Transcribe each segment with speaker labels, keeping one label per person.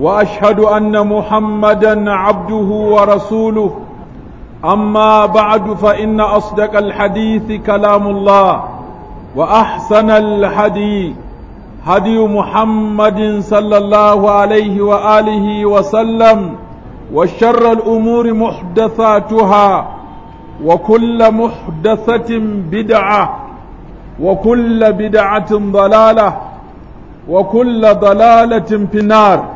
Speaker 1: واشهد ان محمدا عبده ورسوله اما بعد فان اصدق الحديث كلام الله واحسن الهدي هدي محمد صلى الله عليه واله وسلم وشر الامور محدثاتها وكل محدثه بدعه وكل بدعه ضلاله وكل ضلاله في النار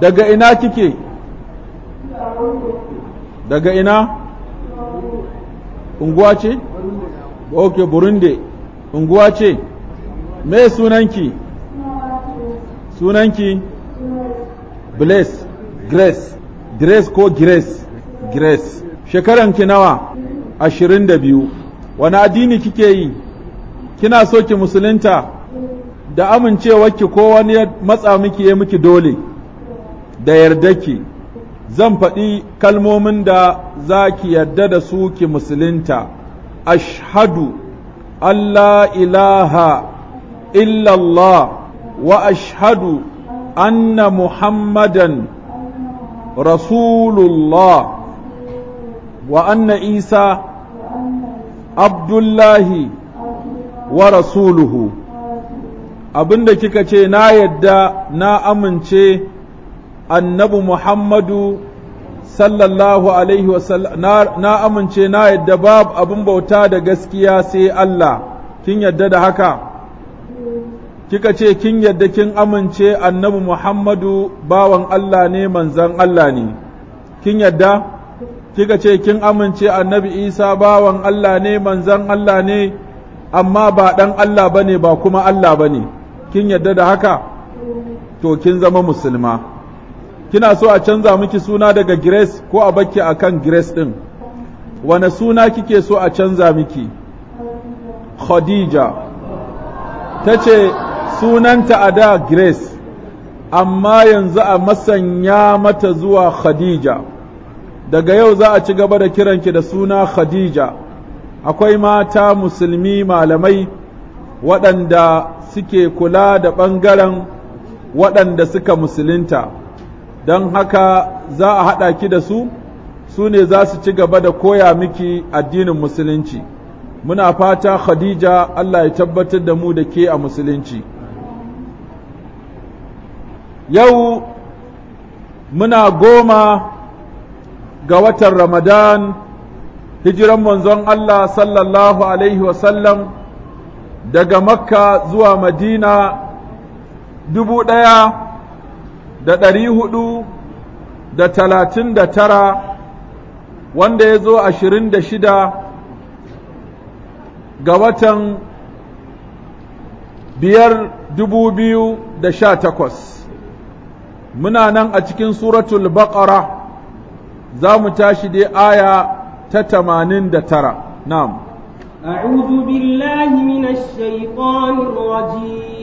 Speaker 1: daga ina kike daga ina unguwa ce ok burundi unguwa ce me sunanki sunanki bless grace grace ko grace grace ki nawa ashirin da biyu wani addini kike yi kina so ki musulunta da amincewarki ko wani matsa miki ya miki dole da yarda ki zan faɗi kalmomin da za ki yarda da su ki musulunta ashhadu Allah ilaha illallah wa ashhadu anna muhammadan rasulullah wa anna isa abdullahi wa rasuluhu abinda kika ce na yadda na amince annabi Muhammadu sallallahu alaihi wasallam na amince na yadda babu abin bauta da gaskiya sai Allah kin yadda da haka kika ce kin yadda kin amince annabi Muhammadu bawan Allah ne manzan Allah ne kin yadda kika ce kin amince annabi Isa bawan Allah ne manzan Allah ne amma ba dan Allah bane ba kuma Allah bane kin yadda da haka to kin zama musulma kina so a canza miki suna daga Grace ko a a akan Grace din wane suna kike so a canza miki Khadija ta ce sunanta a da Grace amma yanzu a masanya mata zuwa Khadija daga yau za a ci gaba da kiranki da suna Khadija akwai mata musulmi malamai waɗanda suke kula da ɓangaren waɗanda suka musulunta don haka za a haɗa ki da su su ne za su ci gaba da koya miki addinin musulunci muna fata khadija Allah ya tabbatar da mu da ke a musulunci yau muna goma ga watan ramadan hijiran manzon Allah sallallahu alaihi wasallam daga makka zuwa madina dubu ɗaya da ɗari huɗu da talatin da tara wanda ya zo ashirin da shida ga watan biyar dubu biyu da sha takwas muna nan a cikin suratul baqara za mu tashi dai aya ta tamanin da tara na'am أعوذ billahi من
Speaker 2: الشيطان rajim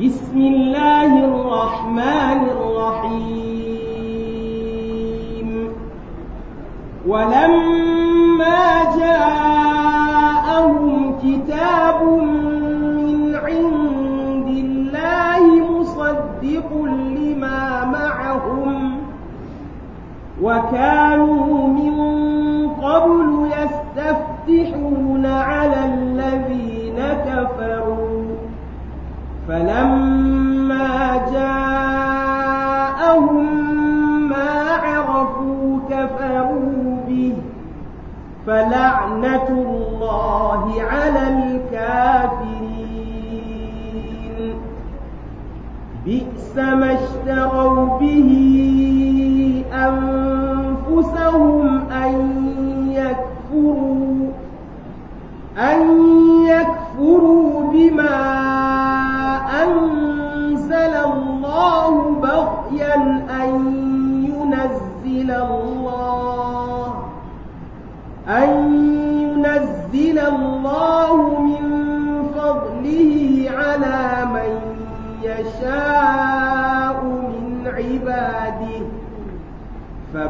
Speaker 2: بسم الله الرحمن الرحيم ولما جاءهم كتاب من عند الله مصدق لما معهم وكانوا فلعنة الله على الكافرين بئس ما اشتروا به أنفسهم أن يكفروا أن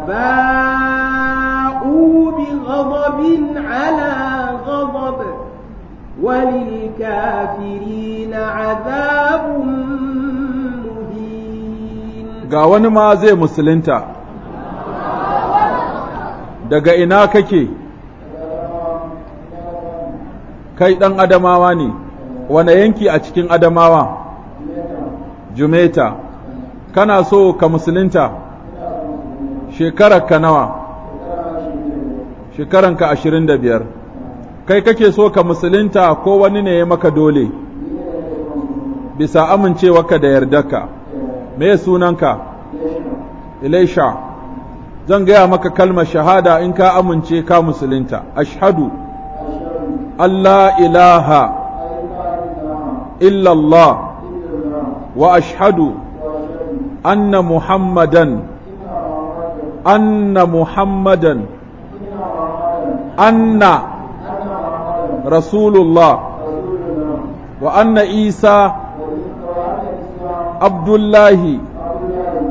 Speaker 2: باءوا بغضب على غضب وللكافرين عذاب
Speaker 1: مهين ga wani ma zai musulunta daga ina kake kai ɗan adamawa ne wane yanki a cikin adamawa jumeta kana so ka musulunta shekararka nawa shekaranka ashirin da biyar kai kake so ka musulunta ko wani ne ya maka dole bisa amincewa ka da yardarka me sunanka ilaisha zan gaya maka kalmar shahada in ka amince ka musulunta ashhadu Allah ilaha illallah wa ashhadu anna muhammadan anna muhammadan anna رسول wa وأن isa abdullahi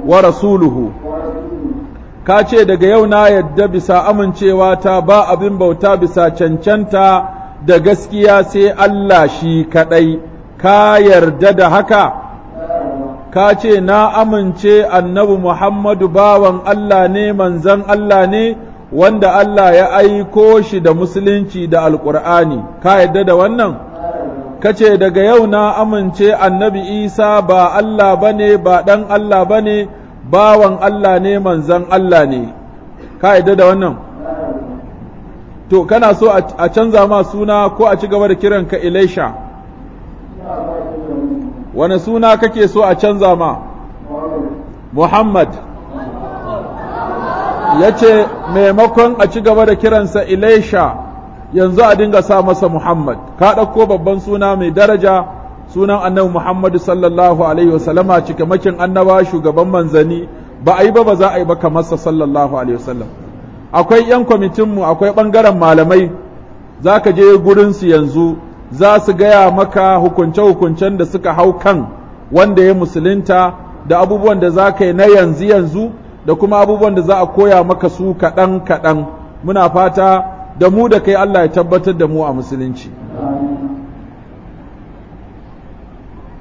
Speaker 1: wa rasuluhu ka ce daga yau na yadda bisa amincewa ta ba abin bauta bisa cancanta da gaskiya sai Allah shi kaɗai ka yarda da haka ka ce na amince annabi Muhammadu bawan Allah ne manzan Allah ne wanda Allah ya aiko shi da musulunci da alƙur'ani ka yadda da wannan ka ce daga yau na amince annabi Isa ba Allah ba ne ba ɗan Allah ba ne bawan Allah ne manzan Allah ne ka yadda da wannan to kana so a canza ma suna ko a ci gaba da kiranka Elisha wani suna kake so a canza ma Muhammad ya ce maimakon a ci gaba da kiransa Ilaisha yanzu a dinga sa masa Muhammad ka ɗauko babban suna mai daraja sunan annabi Muhammadu sallallahu alaihi wasallama cikamakin annaba shugaban manzani ba a yi ba ba za a yi ba kamarsa sallallahu alaihi wasallam akwai 'yan kwamitinmu akwai ɓangaren malamai za ka je gurinsu yanzu za su gaya maka hukunce-hukuncen da suka hau kan wanda ya musulunta da abubuwan da za ka yi na yanzu yanzu da kuma abubuwan da za a koya maka su kaɗan kaɗan muna fata da mu da kai Allah ya tabbatar da mu a musulunci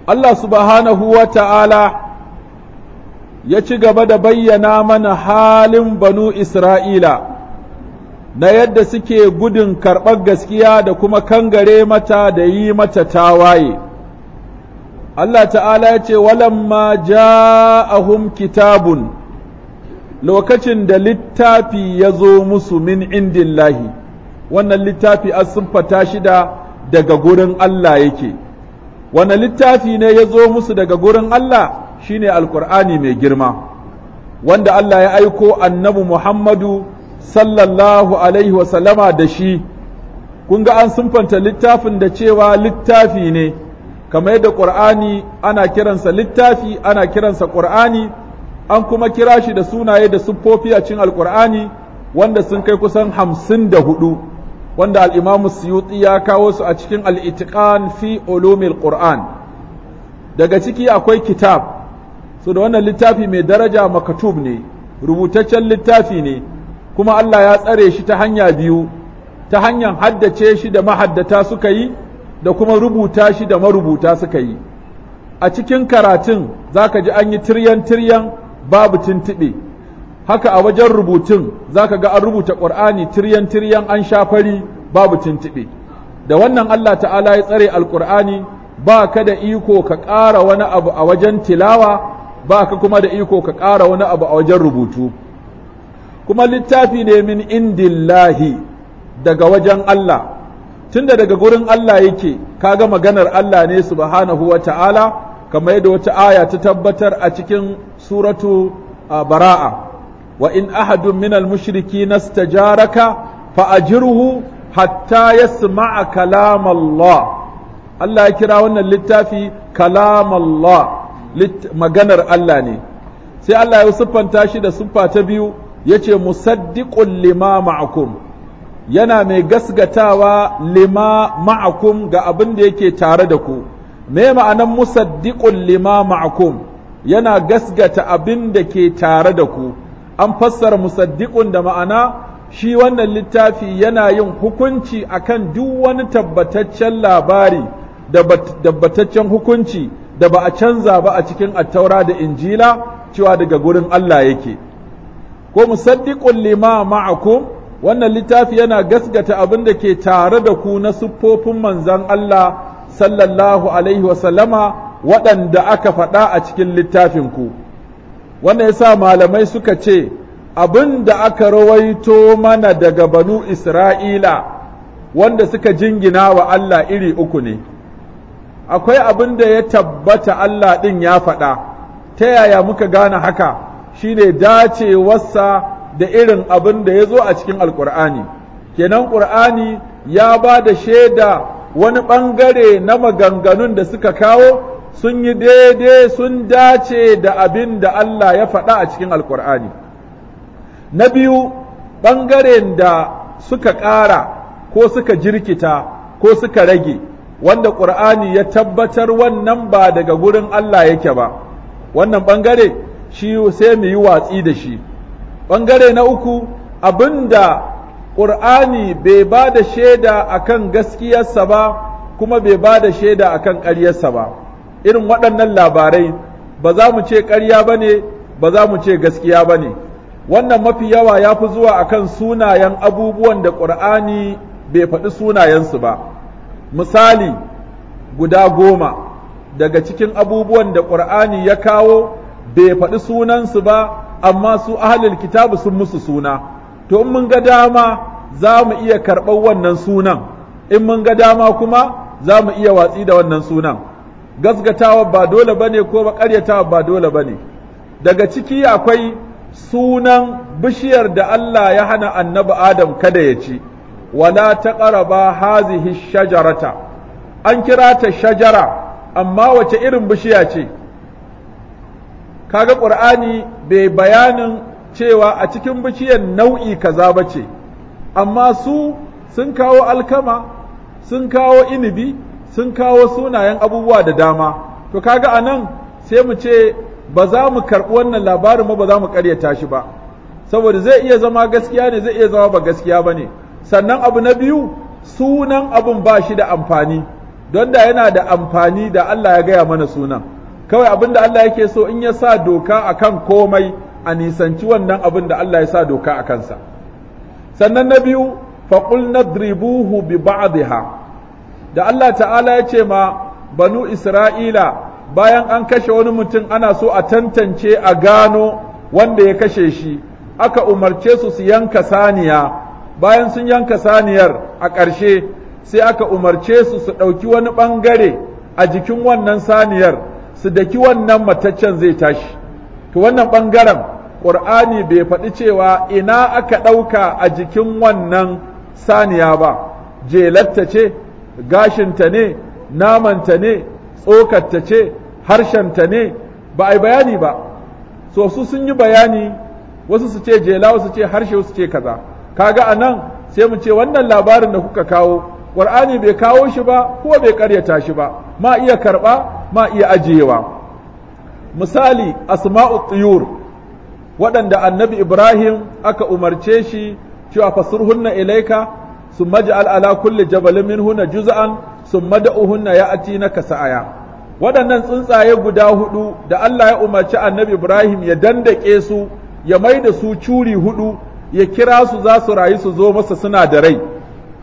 Speaker 1: Allah subhanahu wa ta'ala ya ci gaba da bayyana mana halin banu Isra'ila na yadda suke gudun karɓar gaskiya da kuma kangare mata da yi mata tawaye Allah ta'ala ya ce walamma ja'ahum kitabun lokacin da littafi ya zo musu min indillahi wannan littafi an siffata shi da daga gurin Allah yake wane littafi ne ya zo musu daga gurin Allah shine alkur'ani mai girma wanda Allah ya aiko annabi Muhammadu sallallahu alaihi wasallama da shi kun ga an sumfanta littafin da cewa littafi ne kamar yadda ƙur'ani ana kiransa littafi ana kiransa ƙur'ani an kuma kira shi da sunaye da siffofi a cikin alƙur'ani wanda sun kai kusan hamsin da hudu wanda al'imamu suyuti ya kawo su a cikin al'itiƙan fi ulumil ƙur'an daga ciki akwai kitab su da wannan littafi mai daraja makatub ne rubutaccen littafi ne kuma Allah ya tsare shi ta hanya biyu ta hanyar haddace shi da mahaddata suka yi da kuma rubuta shi da marubuta suka yi a cikin karatun zaka ji an yi tiryan tiryan babu tintiɓe haka a wajen rubutun zaka ga an rubuta Qur'ani tiryan tiryan an shafari babu tintiɓe da wannan Allah ta'ala ya tsare alqur'ani ba ka da iko ka ƙara wani abu a wajen tilawa ba ka kuma da iko ka ƙara wani abu a wajen rubutu kuma littafi ne min indillahi daga wajen Allah tunda daga gurin Allah yake kaga maganar Allah ne subhanahu wa ta'ala kamar yadda wata aya ta tabbatar a cikin suratu bara'a wa in ahadun minal mushriki nastajaraka fa ajirhu hatta yasma'a kalam Allah Allah ya kira wannan littafi kalam Allah maganar Allah ne sai Allah ya siffanta shi da siffa ta biyu yace musaddiƙun lima ma'akum yana mai gasgatawa lima ma'akum ga abin da yake tare da ku me ma'anan musaddiƙun lima ma'akum yana gasgata abin da ke tare da ku an fassara musaddiqun da ma'ana shi wannan littafi yana yin hukunci akan duk wani tabbataccen labari da tabbataccen hukunci da ba a canza ba a cikin attaura da injila cewa daga gurin Allah yake ko musaddiqul lima ma'akum wannan littafi yana gasgata abin da ke tare da ku na siffofin manzan Allah sallallahu alaihi wasallama waɗanda aka faɗa a cikin littafin ku wannan yasa malamai suka ce abin da aka rawaito mana daga banu Isra'ila wanda suka jingina wa Allah iri uku ne, akwai abin da ya tabbata Allah ɗin ya faɗa, ta yaya muka gane haka, Shi shine dacewarsa da irin abin da ya zo a cikin alkur'ani kenan ƙur'ani ya ba da shaida wani ɓangare na maganganun da suka kawo sun yi daidai sun dace da abin da Allah ya faɗa a cikin alkur'ani na biyu ɓangaren da suka ƙara ko suka jirkita ko suka rage wanda ƙur'ani ya tabbatar wannan ba daga gurin Allah yake ba wannan ɓangare shi sai mu yi watsi da shi ɓangare na uku abinda ƙur'ani bai ba da shaida akan gaskiyarsa ba kuma bai ba da shaida akan ƙaryarsa ba irin waɗannan labarai ba za mu ce ƙarya ba ne ba za mu ce gaskiya ba ne wannan mafi yawa ya fi zuwa akan sunayen abubuwan da ƙur'ani bai faɗi sunayensu ba misali guda goma daga cikin abubuwan da ƙur'ani ya kawo bai faɗi sunansu ba amma su ahlul kitabu sun musu suna to in mun ga dama za mu iya karɓar wannan sunan in mun ga dama kuma za mu iya watsi da wannan sunan gasgatawa ba dole ba ne ko ƙaryatawa ba dole ba ne daga ciki akwai sunan bishiyar da Allah ya hana annabi Adam kada ya ci wala ta ƙaraba hazihi shajarata an kira ta shajara amma wace irin bishiya ce kaga qur'ani bai bayanin cewa a cikin bishiyar nau'i kaza ba ce, amma su sun kawo alkama sun kawo inibi sun kawo sunayen abubuwa da dama to kaga anan sai mu ce ba za mu karɓi wannan labarin ba ba za mu ƙaryata shi ba saboda zai iya zama gaskiya ne zai iya zama ba gaskiya ba sannan abu na biyu sunan abun ba shi da amfani don da yana da amfani da Allah ya gaya mana sunan kawai abin da Allah yake so in ya sa doka akan komai a nisanci wannan abin da Allah ya sa doka a kansa sannan na biyu faƙul dribuhu bi da Allah ta'ala ya ce ma banu Isra'ila bayan an kashe wani mutum ana so a tantance a gano wanda ya kashe shi aka umarce su su yanka saniya bayan sun yanka saniyar a ƙarshe sai aka umarce su su ɗauki wani ɓangare a jikin wannan saniyar su daki wannan mataccen zai tashi to wannan ɓangaren ƙur'ani bai faɗi cewa ina aka ɗauka a jikin wannan saniya ba jelatta ce ta ne namanta ne ta ce harshenta ne ba a yi bayani ba so su sun yi bayani wasu su ce jela wasu ce harshe wasu ce kaza kaga a nan sai mu ce wannan labarin da kuka kawo ƙur'ani bai kawo shi ba ko bai ƙaryata shi ba ma iya karɓa ma iya ajiyewa misali asma'u tiyur waɗanda annabi ibrahim aka umarce shi cewa fasurhunna ilaika summa ja'al ala kulli jabalin minhunna juz'an summa da'uhunna ya'ti naka sa'aya waɗannan tsuntsaye guda hudu da Allah ya umarci annabi ibrahim ya dandake su ya mai da su curi hudu ya kira su za su rayu su zo masa suna da rai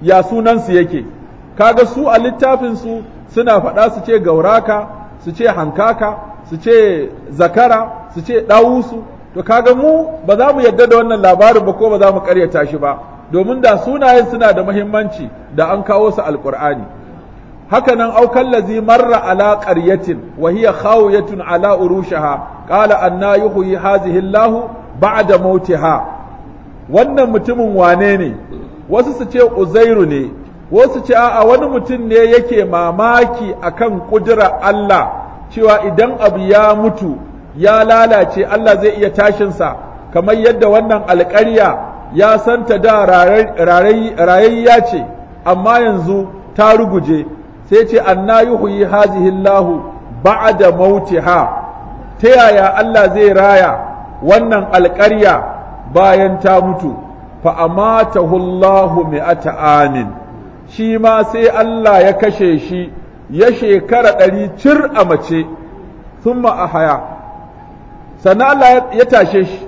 Speaker 1: ya sunansu yake kaga su a littafinsu suna faɗa su ce gauraka su ce hankaka su ce zakara su ce ɗawusu to kaga mu ba za mu yadda da wannan labarin ba ko ba za mu karyata shi ba domin da sunayen suna da muhimmanci da an kawo su Alƙur'ani. haka nan aukan lazi marra ala qaryatin wa hiya khawiyatun ala urushaha qala anna yuhyi hazihi allah ba'da mautiha wannan mutumin wane ne wasu su ce uzairu ne wasu ce a wani mutum ne yake mamaki akan kudura Allah cewa idan abu ya mutu ya lalace Allah zai iya tashinsa kamar yadda wannan alƙarya ya santa da rayayya ce amma yanzu ta ruguje sai ce anna yuhyi hazihi Allah ba'da mautiha ta yaya Allah zai raya wannan alƙarya bayan ta mutu fa amatahu Allah mi'ata amin shi ma sai Allah ya kashe shi ya shekara ɗari cir a mace sun a haya sannan Allah ya tashe shi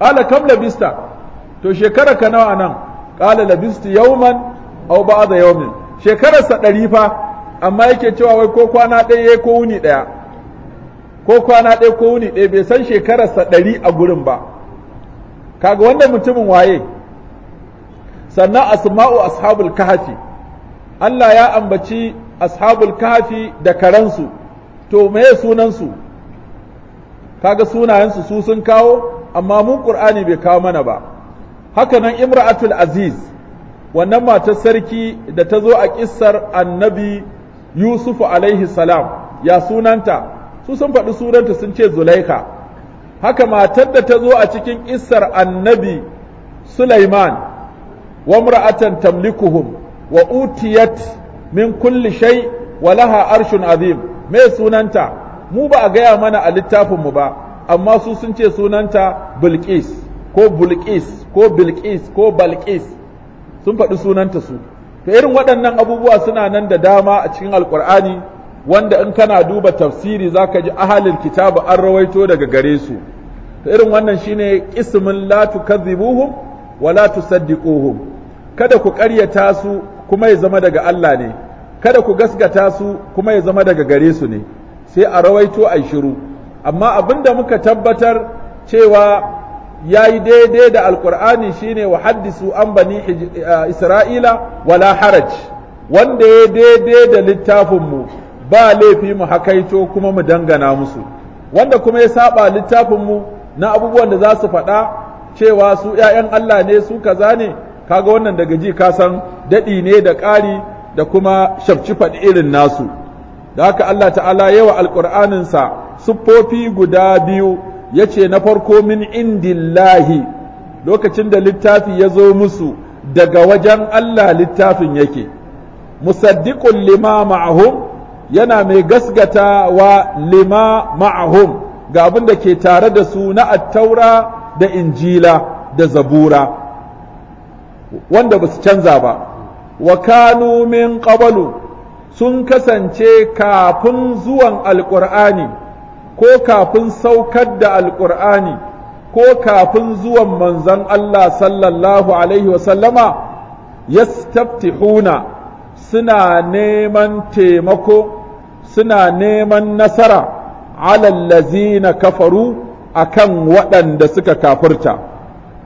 Speaker 1: ƙala kam labista to shekara ka nawa nan ƙala labisti yauman au ba da yaumin shekararsa ɗari fa amma yake cewa wai ko kwana ɗaya ko wuni ɗaya ko kwana ɗaya ko wuni ɗaya bai san shekararsa ɗari a gurin ba kaga wanda mutumin waye sannan asma'u ashabul kahfi Allah ya ambaci ashabul kahfi da karansu to meye sunansu kaga sunayensu su sun kawo amma mun qur'ani bai kawo mana ba haka nan imra'atul aziz wannan matar sarki da ta zo a kissar annabi yusuf alaihi salam ya sunanta su sun faɗi sunanta sun ce zulaika haka matar da ta zo a cikin kissar annabi sulaiman wa imra'atan tamlikuhum wa utiyat min kulli shay wa laha arshun azim me sunanta mu ba a gaya mana a littafin mu ba amma su sun ce sunanta bilqis ko bulqis ko bilqis ko balqis sun faɗi sunanta su to irin waɗannan abubuwa suna nan da dama a cikin alƙur'ani wanda in kana duba tafsiri zaka ji ahalin kitabu an rawaito daga gare su to irin wannan shine ismin la tukadhibuhum wa la tusaddiquhum kada ku ƙaryata su kuma ya zama daga Allah ne kada ku gaskata su kuma ya zama daga gare su ne sai a rawaito a shiru amma abin da muka tabbatar cewa ya yi daidai da alkur'ani shine wa haddisu an bani eh, isra'ila wala haraj wanda ya daidai da littafinmu ba laifi mu hakaito kuma mu dangana musu wanda kuma ya saba littafinmu na abubuwan da za su faɗa cewa su ‘ya'yan Allah ne su kaza ne kaga wannan daga ji ka san daɗi ne da ƙari da kuma shafci faɗi irin nasu da haka Allah ta'ala yawa alƙur'aninsa siffofi guda biyu ya ce na farko min indillahi lokacin da littafi ya zo musu daga wajen Allah littafin yake musaddiqun lima ma'ahum yana mai gasgatawa lima ma'ahum ga abin da ke tare da su na attaura da injila da zabura wanda ba su canza ba wa kanu min qabalu sun kasance kafin zuwan alqur'ani ko kafin saukar da alqur'ani ko kafin zuwan manzan Allah sallallahu alaihi wa sallama yastaftihuna suna neman taimako suna neman nasara alallazina kafaru akan waɗanda suka kafirta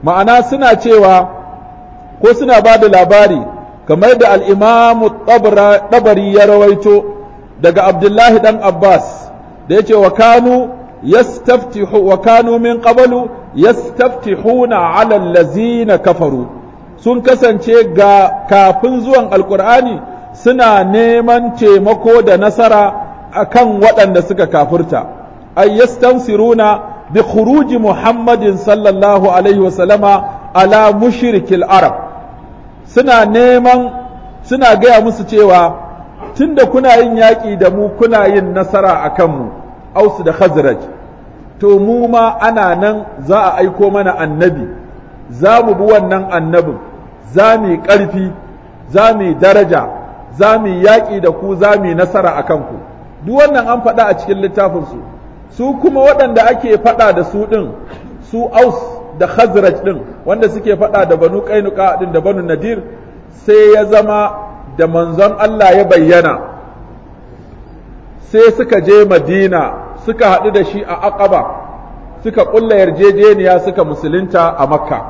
Speaker 1: ma'ana suna cewa ko suna ba da labari kamar da al'imamu ɗabari ya rawaito daga abdullahi ɗan abbas da ya ce wa kanu wa kanu min ƙabalu yastaftihuna alal lazina kafaru sun kasance ga kafin zuwan alkur'ani suna neman taimako da nasara akan waɗanda suka kafurta ay yastansiruna bi khuruji muhammadin sallallahu alaihi wasallama ala mushrikil arab suna neman suna gaya musu cewa tunda kuna yin yaƙi da mu kuna yin nasara a kanmu ausu da khazraj to mu ma ana nan za a aiko mana annabi za mu bi wannan annabin za mu ƙarfi za mu daraja za mu yaƙi da ku za mu nasara a kanku duk wannan an faɗa a cikin littafinsu su kuma waɗanda ake faɗa da su ɗin su aus da khazraj din wanda suke faɗa da banu kainuka din da banu nadir sai ya zama da manzon Allah ya bayyana sai suka je madina suka haɗu da shi a aqaba suka ƙulla yarjejeniya suka musulunta a makka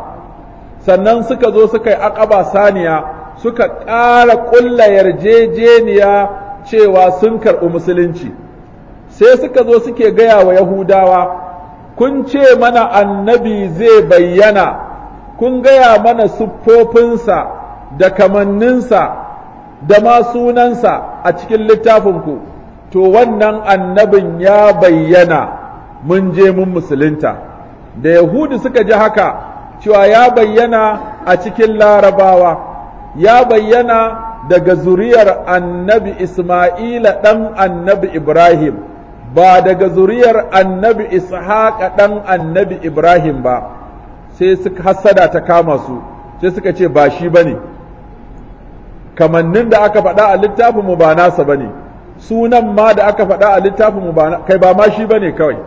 Speaker 1: sannan suka zo suka yi aqaba saniya suka ƙara ƙulla yarjejeniya cewa sun karɓi musulunci sai suka zo suke gaya wa yahudawa kun ce mana annabi zai bayyana kun gaya mana siffofinsa da kamanninsa da ma sunansa a cikin littafinku to wannan annabin ya bayyana mun je mun musulunta da yahudu suka ji haka cewa ya bayyana a cikin larabawa ya bayyana daga zuriyar annabi isma'ila ɗan annabi ibrahim ba daga zuriyar annabi ishaq ɗan annabi ibrahim ba sai suka hasada ta kama su sai suka ce ba shi ba ne kamannin da aka faɗa a littafinmu ba nasa ba ne sunan ma da aka faɗa a littafinmu ba kai ba ma shi ba ne kawai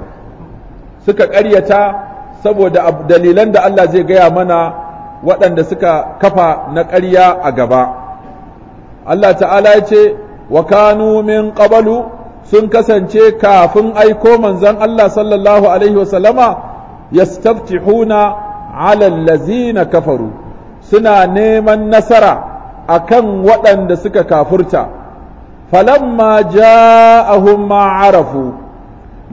Speaker 1: suka ƙaryata saboda dalilan da Allah zai gaya mana waɗanda suka kafa na ƙarya a gaba Allah ta'ala ya ce wa kanu min qabalu sun kasance kafin aiko manzon Allah sallallahu alaihi wasallama yastaftihuna ala allazina kafaru suna neman nasara a kan waɗanda suka kafurta falamma ja'ahum ma arafu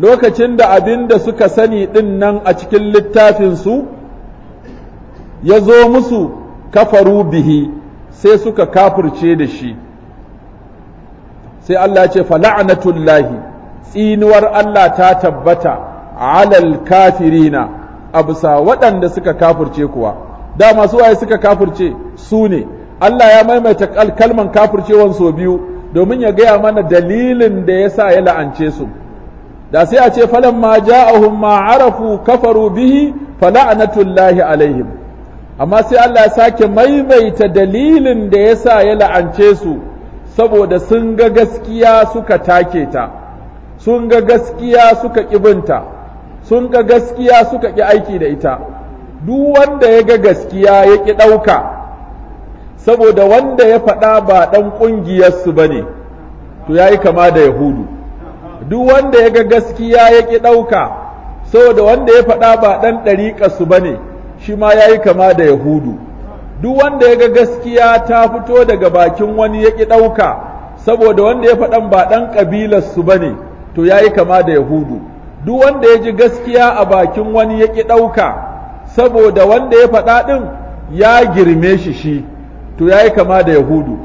Speaker 1: lokacin da abin da suka sani ɗin nan a cikin littafinsu ya zo musu kafaru bihi sai suka kafurce da shi sai Allah ya ce fala'natullahi tsinuwar Allah ta tabbata alal kafirina abusa waɗanda suka kafirce kuwa Da masu waye suka kafirce su ne Allah ya maimaita kalman kafircewan so biyu domin ya gaya mana dalilin da yasa ya la'ance su da sai a ce falan ma ja'ahum ma arafu kafaru bihi fala'natullahi alaihim amma sai Allah ya sake maimaita dalilin da yasa ya la'ance su saboda sun ga gaskiya suka take ta sun ga gaskiya suka ƙibinta sun ga gaskiya suka ƙi aiki da ita duk wanda ya ga gaskiya ya ƙi ɗauka saboda wanda ya faɗa ba ɗan ƙungiyarsu ba ne to ya yi kama da yahudu duk wanda ya ga gaskiya ya ƙi ɗauka saboda wanda ya faɗa ba ɗan ɗariƙarsu ba ne shi ma ya yi kama da yahudu duk wanda ya ga gaskiya ta fito daga bakin wani ya ƙi ɗauka saboda wanda ya faɗan ba ɗan ƙabilarsu ba ne to ya yi kama da yahudu duk wanda ya ji gaskiya a bakin wani ya ƙi ɗauka saboda wanda ya faɗa ɗin ya girme shi shi to ya yi kama da yahudu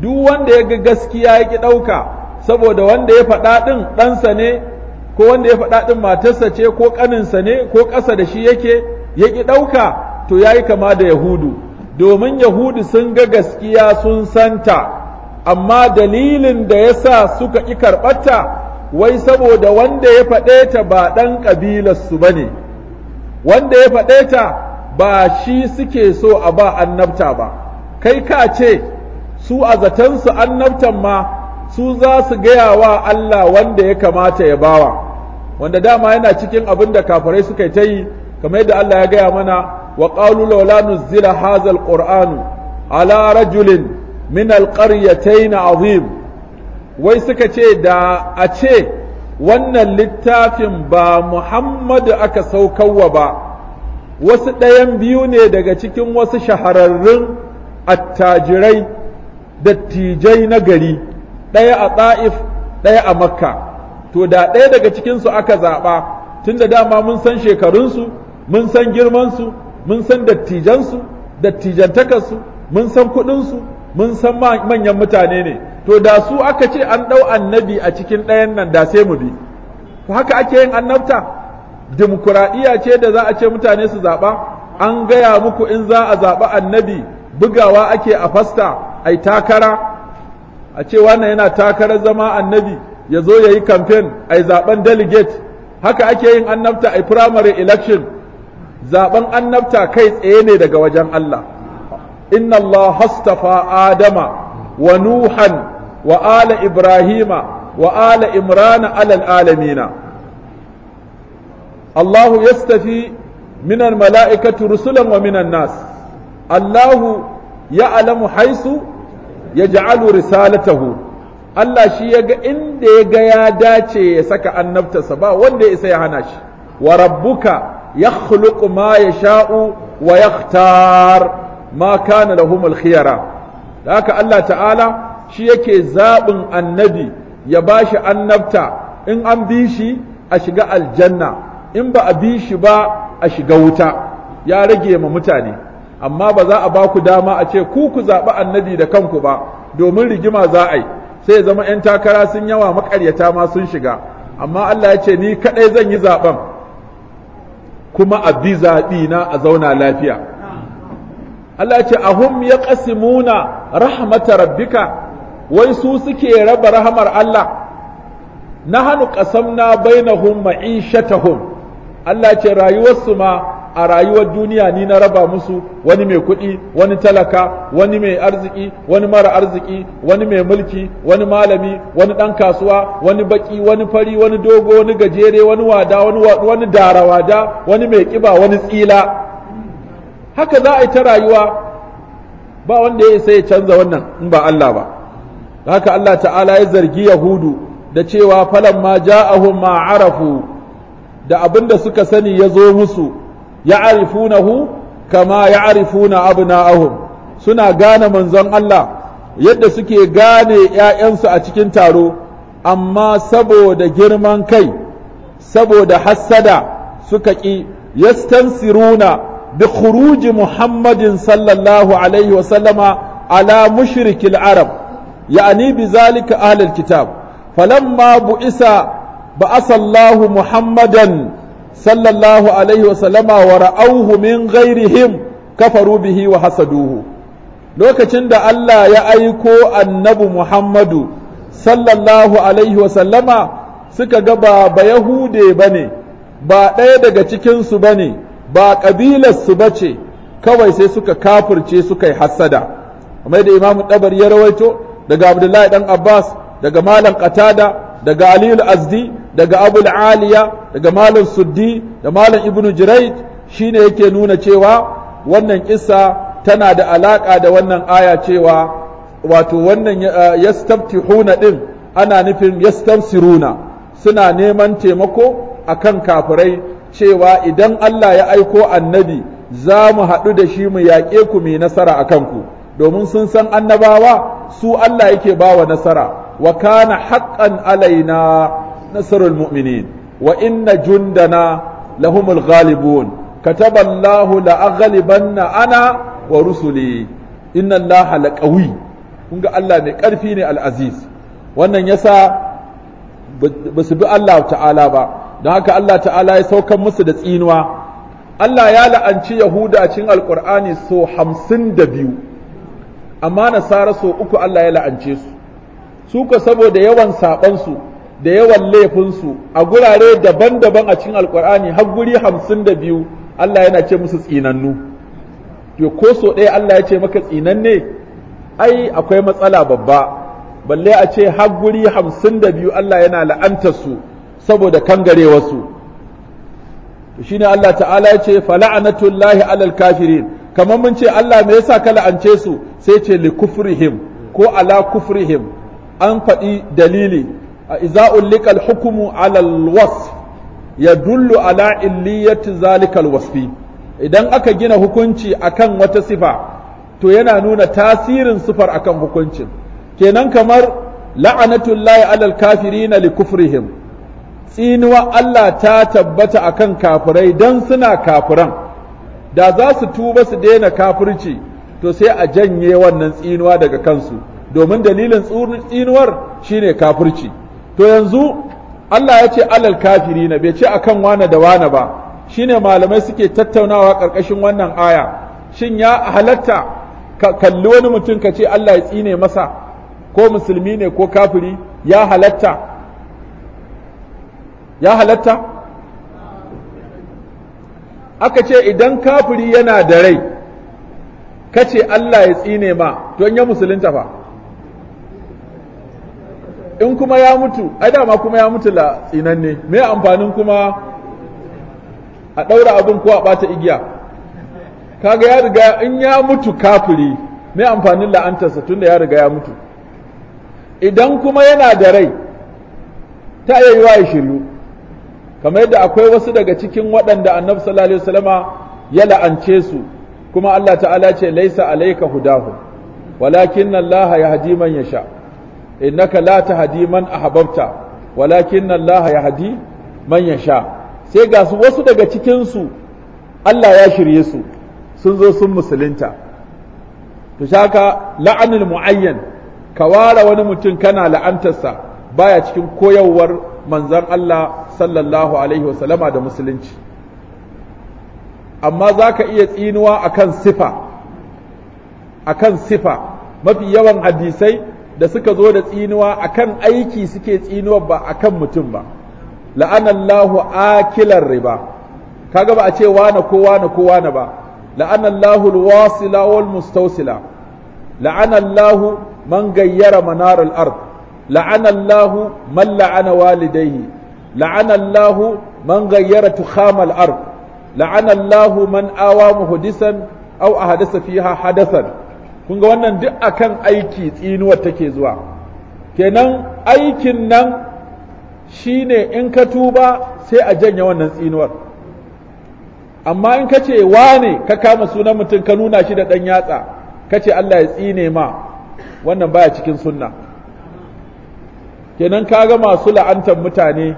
Speaker 1: duk wanda ya ga gaskiya ya ƙi ɗauka saboda wanda ya faɗa ɗin ɗansa ne ko wanda ya faɗa ɗin matarsa ce ko ƙaninsa ne ko ƙasa da shi yake ya ƙi ɗauka to ya yi kama da yahudu domin Yahudi sun ga gaskiya sun santa amma dalilin da ya sa suka ƙi karɓarta wai saboda wanda ya faɗe ta ba ɗan ƙabilarsu ba ne wanda ya faɗe ta ba shi suke so a ba annabta ba kai ka ce su a su annabtan ma su za su gaya wa Allah wanda ya kamata ya bawa wanda dama yana cikin abin da kafirai suka yi ta yi kamar yadda Allah ya gaya mana wa qalu laula nuzila hadha alquran ala rajulin min alqaryatayn azim wai suka ce da a ce wannan littafin ba Muhammadu aka saukarwa ba wasu ɗayan biyu ne daga cikin wasu shahararrun attajirai dattijai na gari ɗaya a ɗa'if ɗaya a makka to da ɗaya daga cikinsu aka zaɓa tun da dama mun san shekarunsu mun san girmansu mun san dattijansu dattijantakarsu mun san kuɗinsu mun san manyan mutane ne to da su aka ce an ɗau annabi a cikin ɗayan nan da sai mu bi haka ake yin annabta dimokuraɗiyya ce da za a ce mutane su zaɓa an gaya muku in za a zaɓa annabi bugawa ake a fasta ai takara a ce wannan yana takarar zama annabi ya zo ya yi kamfen ai zaɓen delegate haka ake yin annabta ai primary election zaben annabta kai tsaye ne daga wajen Allah inna Allah hastafa adama wa nuhan wa ala ibrahima wa ala imrana alal alamina Allahu yastafi minan mala'ikatu rusulan wa minan nas Allahu ya'lamu haisu yaj'alu risalatahu Allah shi ya ga inda ya ga ya dace ya saka annabtarsa ba wanda ya isa ya hana shi wa rabbuka yakhluqu ya yasha'u wa yakhtar ma kana lahum al-khiyara haka Allah ta'ala shi yake zaɓin annabi ya ba bashi annabta in an bi shi a shiga aljanna in ba a bi shi ba a shiga wuta ya rage ma mutane amma ba za a ba ku dama a ce ku ku zaɓi annabi da kanku ba domin rigima za a yi sai zama 'yan takara sun yawa maƙaryata ma sun shiga amma Allah ya ce ni kaɗai zan yi zaɓen kuma a bi zaɓi na a zauna lafiya Allah ce ahum ya ƙasimuna rahmata rabbika wai su suke raba rahamar Allah na hannu ƙasamna bainahum ma'ishatahum Allah ce rayuwarsu ma a rayuwar duniya ni na raba musu wani mai kuɗi wani talaka wani mai arziki wani mara arziki wani mai mulki wani malami wani ɗan kasuwa wani baki wani fari wani dogo wani gajere wani wada wani wani wada, wani mai ƙiba, wani tsila haka za a yi ta rayuwa ba wanda ya sai ya canza wannan in ba Allah ba haka Allah ta'ala ya zargi yahudu da cewa falan ma ja'ahum ma arafu da abin da suka sani ya zo musu Ya ya'rifunahu kama na abna'ahum suna gane manzon Allah yadda suke gane ‘ya'yansu a cikin taro, amma saboda girman kai, saboda hassada suka ƙi, yastansiruna bi khuruji Muhammadin sallallahu Alaihi ala mushrikil Arab, ya'ani bi zalika ahlul kitab, falamma bu'isa ba'asallahu Muhammadan sallallahu alaihi wasallama wa ra'auhu min ghairihim kafaru bihi wa hasaduhu lokacin da Allah ya aiko annabi Muhammadu sallallahu alaihi wasallama suka ga ba ba Yahude ba ne, ba ɗaya daga cikinsu ba ne, ba kabilarsu ba ce, kawai sai suka kafirce suka yi hassada. Amma da Imam ɗabar ya rawaito daga Abdullahi ɗan Abbas, daga Malam Qatada, daga Aliyu Azdi, daga abul aliya daga malam suddi da malam ibnu jiraij shine yake nuna cewa wannan kissa tana da alaka da wannan aya cewa wato wannan eh, yastaftihuna din ana nufin yastamsiruna suna neman taimako akan kafirai cewa idan Allah ya aiko annabi za mu haɗu da shi mu yaƙe ku mai nasara a kanku domin sun san annabawa su Allah yake ba wa nasara wa kana haqqan alaina nasrul mu'minin wa inna jundana lahumul ghalibun kataba Allahu la aghlibanna ana wa rusuli kun ga Allah mai ƙarfi ne al'aziz. Wannan ya yasa ba su bi Allah ta'ala ba don haka Allah ta'ala ya saukan musu da tsinuwa Allah ya la'anci Yahuda Alƙur'ani so hamsin da biyu, amma Nasara so uku Allah ya la'ance su, su ka saboda yawan saɓansu da yawan laifinsu a gurare daban-daban a cikin alkur'ani har guri hamsin da biyu Allah yana ce musu tsinannu to ko so ɗaya Allah ya ce maka tsinanne ai akwai matsala babba balle a ce har guri hamsin da biyu Allah yana la'antar su saboda wasu to shine Allah ta'ala ya ce fala'anatullahi alal kafirin kamar mun ce Allah me yasa ka la'ance su sai ce li kufrihim ko ala kufrihim an faɗi dalili iza ulika hukumu alal ala al-wasf yadullu ala illiyati zalika wasfi idan aka gina hukunci akan wata sifa to yana nuna tasirin sifar akan hukuncin kenan kamar la'anatullahi ala al-kafirina li kufrihim tsinuwa Allah ta tabbata akan kafirai dan suna kafiran da za su tuba su daina kafurci, to sai a janye wannan tsinuwa daga kansu domin dalilin tsinuwar shine kafirci to yanzu Allah ya ce alal kafiri na bai ce akan wane da wane ba shine malamai suke tattaunawa ƙarƙashin wannan aya shin ya halatta ka kalli wani mutum ka ce Allah ya tsine masa ko musulmi ne ko kafiri ya halatta ya halatta aka ce idan kafiri yana da rai kace Allah ya tsine ma to ya musulunta fa in kuma ya mutu ai dama kuma ya mutu la ne. me amfanin kuma a ɗaura abin ko a ɓata igiya kaga ya riga in ya mutu kafiri me amfanin la'antarsa tunda ya riga ya mutu idan kuma yana da rai ta yi yiwa ya shiryu kamar yadda akwai wasu daga cikin waɗanda annabi sallallahu alaihi wasallama ya la'ance su kuma Allah ta'ala ce laisa alayka hudahu walakin Allah yahdi man yasha' innaka la tahdi man ahbabta walakin Allah yahdi man yasha sai ga su wasu daga cikin su Allah ya shirye su sun zo sun musulunta to shaka la'anul muayyan ka ware wani mutum kana la'antarsa baya cikin koyawar manzon Allah sallallahu alaihi wasallama da musulunci amma za ka iya tsinuwa akan sifa akan sifa mafi yawan hadisai da suka zo da tsinuwa akan aiki suke tsinuwa ba akan mutum ba la'anallahu akilar riba kaga ba a ce wane ko wane ko wane ba la'anallahu alwasila wal mustawsila la'anallahu man gayyara manar ard la'anallahu man la'ana walidayhi la'anallahu man gayyara tukhamal ard la'anallahu man awa muhdisan aw ahdasa fiha hadathan kun ga wannan duk akan aiki tsinuwar take zuwa kenan aikin nan shi ne in ka tuba sai a janya wannan tsinuwar amma in ka ce wane ka kama sunan mutum ka nuna shi da ɗan yatsa ka ce Allah ya tsine ma wannan baya cikin sunna kenan ka ga masu la'antar mutane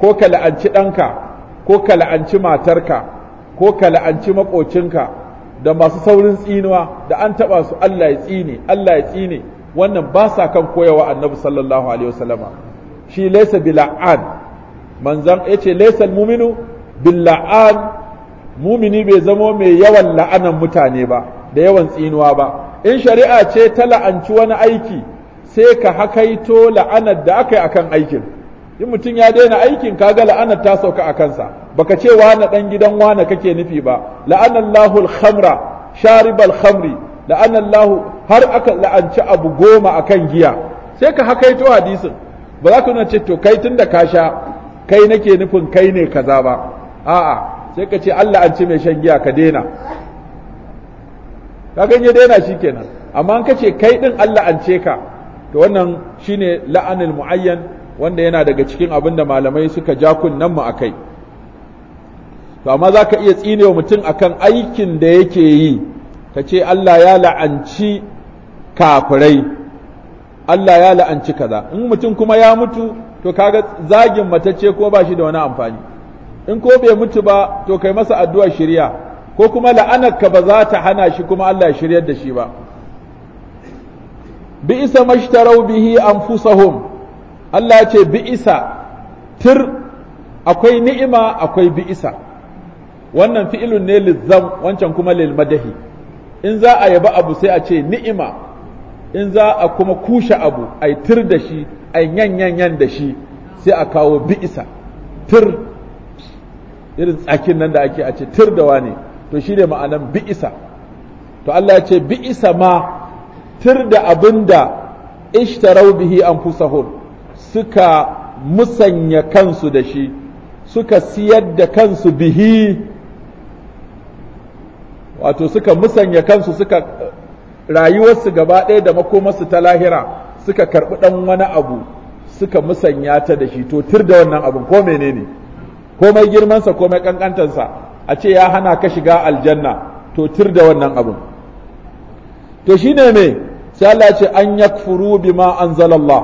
Speaker 1: ko ka la'anci ɗanka ko ka la'anci matarka ko ka la'anci maƙocinka da masu saurin tsinuwa da an taba su Allah ya tsine Allah ya tsine wannan ba sa kan koyawa annabi sallallahu alaihi wasallama shi laysa bil'an manzan yace laysa almu'minu bil'an mumini bai zamo mai yawan la'anan mutane ba da yawan tsinuwa ba in shari'a ce ta la'anci wani aiki sai ka hakaito la'anar da aka yi akan aikin in mutum ya daina aikin kaga la'anar ta sauka a kansa baka ce wane dan gidan wane kake nufi ba la'anallahu al-khamra sharibal khamri la'anallahu har aka la'anci abu goma akan giya sai ka hakaito hadisin ba za ka nuna ce to kai tunda ka sha kai nake nufin kai ne kaza ba a'a sai ka ce Allah an ci mai shan giya ka daina ka ganye daina shikenan amma an kace kai din Allah an ce ka to wannan shine la'anil muayyan wanda yana daga cikin abin da malamai suka ja kunnen mu akai to amma za ka iya tsine wa mutum a kan aikin da yake yi ka ce Allah ya la'anci kafirai Allah ya la'anci kaza in mutum kuma ya mutu to kaga zagin matacce ko ba shi da wani amfani in ko bai mutu ba to kai masa addu'a shirya ko kuma la'anarka ba za ta hana shi kuma Allah ya shiryar da shi ba bi'isa mashtarau bihi anfusahum Allah ya ce bi'isa tir akwai ni'ima akwai bi'isa wannan fi'ilun ne lizzam wancan kuma lil madahi in za a yaba abu sai a ce ni'ima in za a kuma kushe abu ai tir da shi ai yanyanyan da shi sai a kawo bi'isa tir irin tsakin nan da ake a ce tir da wane to shi ne ma'anan bi'isa to Allah ya ce bi'isa ma tir da abin abinda ishtarau bihi anfusahum suka musanya kansu da shi suka siyar da kansu bihi wato suka musanya kansu suka rayuwarsu gaba ɗaya da makomarsu ta lahira suka karɓi ɗan wani abu suka musanya ta da shi to tir da wannan abun ko menene komai girmansa komai kankantarsa a ce ya hana ka shiga aljanna to tir da wannan abun to shine me sai Allah ce an yakfuru bima anzalallah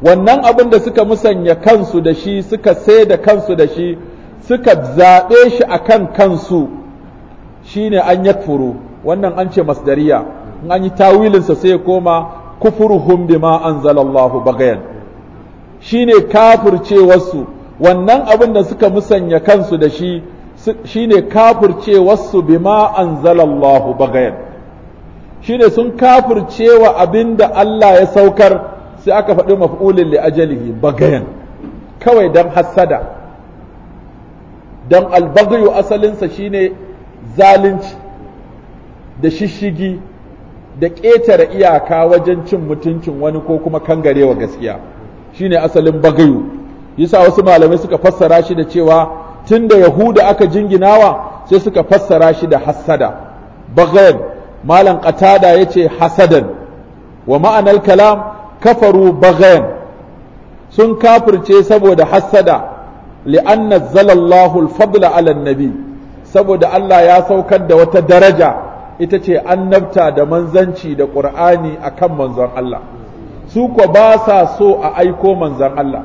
Speaker 1: wannan abin da suka musanya kansu da shi suka sai da kansu da shi suka zaɓe shi akan kansu shine an yakfuru wannan an ce masdariya in an yi tawilinsa sai ya koma kufuruhum bima anzalallahu bagayan shine kafircewarsu wannan abin da suka musanya kansu da shi shine kafircewarsu bima anzalallahu bagayan shine sun kafircewa abin da Allah ya saukar sai aka faɗi maf'ulin li ajalihi bagayan kawai dan hassada dan albagyu asalinsa shine zalunci da shishigi da ƙetare iyaka wajen cin mutuncin wani ko kuma kangarewa gaskiya shine asalin bagayu yasa wasu malamai suka fassara shi da cewa tunda yahuda aka jinginawa sai suka fassara shi da hassada bagayan malam ya ce hasadan wa ma'anar kalam kafaru bagayan sun kafirce saboda hassada li'anna zalallahu al-fadla 'ala an-nabi saboda Allah ya saukar da wata daraja ita ce annabta da manzanci da ƙur'ani akan manzon Allah su ko ba sa so a aiko manzon Allah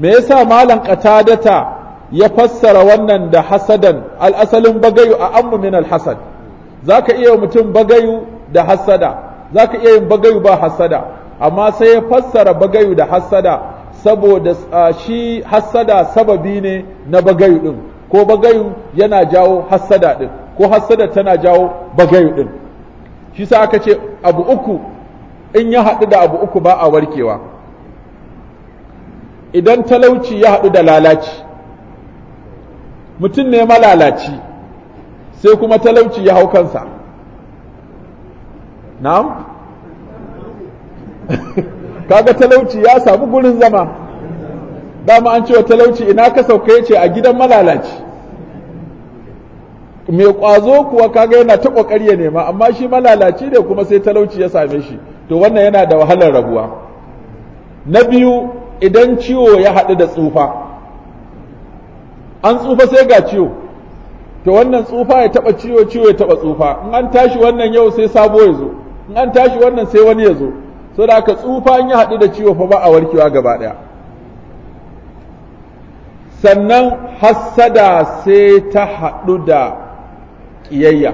Speaker 1: me yasa malam qatadata ya fassara wannan da hasadan al'asalin bagayu a ammu min al-Hassan? al-hasad zaka iya mutum bagayu da hasada zaka iya yin bagayu ba hasada amma sai ya fassara bagayu da hasada saboda shi hasada sababi ne na bagayu din ko bagayu yana jawo hassada din ko hassada tana jawo bagayu din shi sa aka ce abu uku in ya haɗu da abu uku ba a warkewa idan talauci ya haɗu da lalaci mutum ne malalaci sai kuma talauci ya hau kansa na'am kaga talauci ya samu gurin zama dama an ce wa talauci ina ka sauka yace a gidan malalaci mai kwazo kuwa kaga yana ta kokari ya nema amma shi malalaci ne kuma sai talauci ya same shi to wannan yana da wahalar rabuwa na biyu idan ciwo ya haɗu da tsufa an tsufa sai ga ciwo to wannan tsufa ya taɓa ciwo ciwo ya taɓa tsufa in an tashi wannan yau sai sabo ya zo in an tashi wannan sai wani ya zo saboda haka tsufa in ya haɗu da ciwo fa ba a warkewa gaba ɗaya sannan hassada sai ta haɗu da ƙiyayya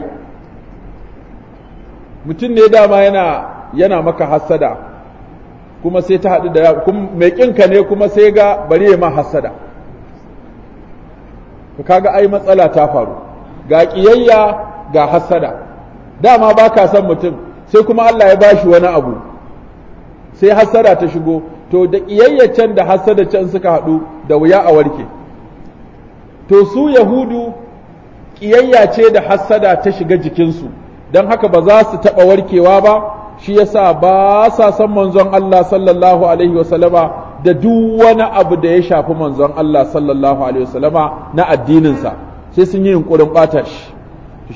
Speaker 1: mutum ne dama yana yana maka hassada kuma sai ta haɗu da mai ƙinka ne kuma sai ga bari ya ma hassada kaga ai matsala ta faru ga ƙiyayya ga hassada dama ba ka son mutum sai kuma Allah ya ba shi wani abu sai hassada ta shigo to da ƙiyayya can da hassada can suka haɗu da wuya a warke to su yahudu ƙiyayya ce da hassada ta shiga jikinsu don haka ba za su taɓa warkewa ba shi yasa ba sa san manzon Allah sallallahu alaihi wasallama da duk wani abu da ya shafi manzon Allah sallallahu alaihi wasallama na addininsa sai sun yi yunkurin ɓata shi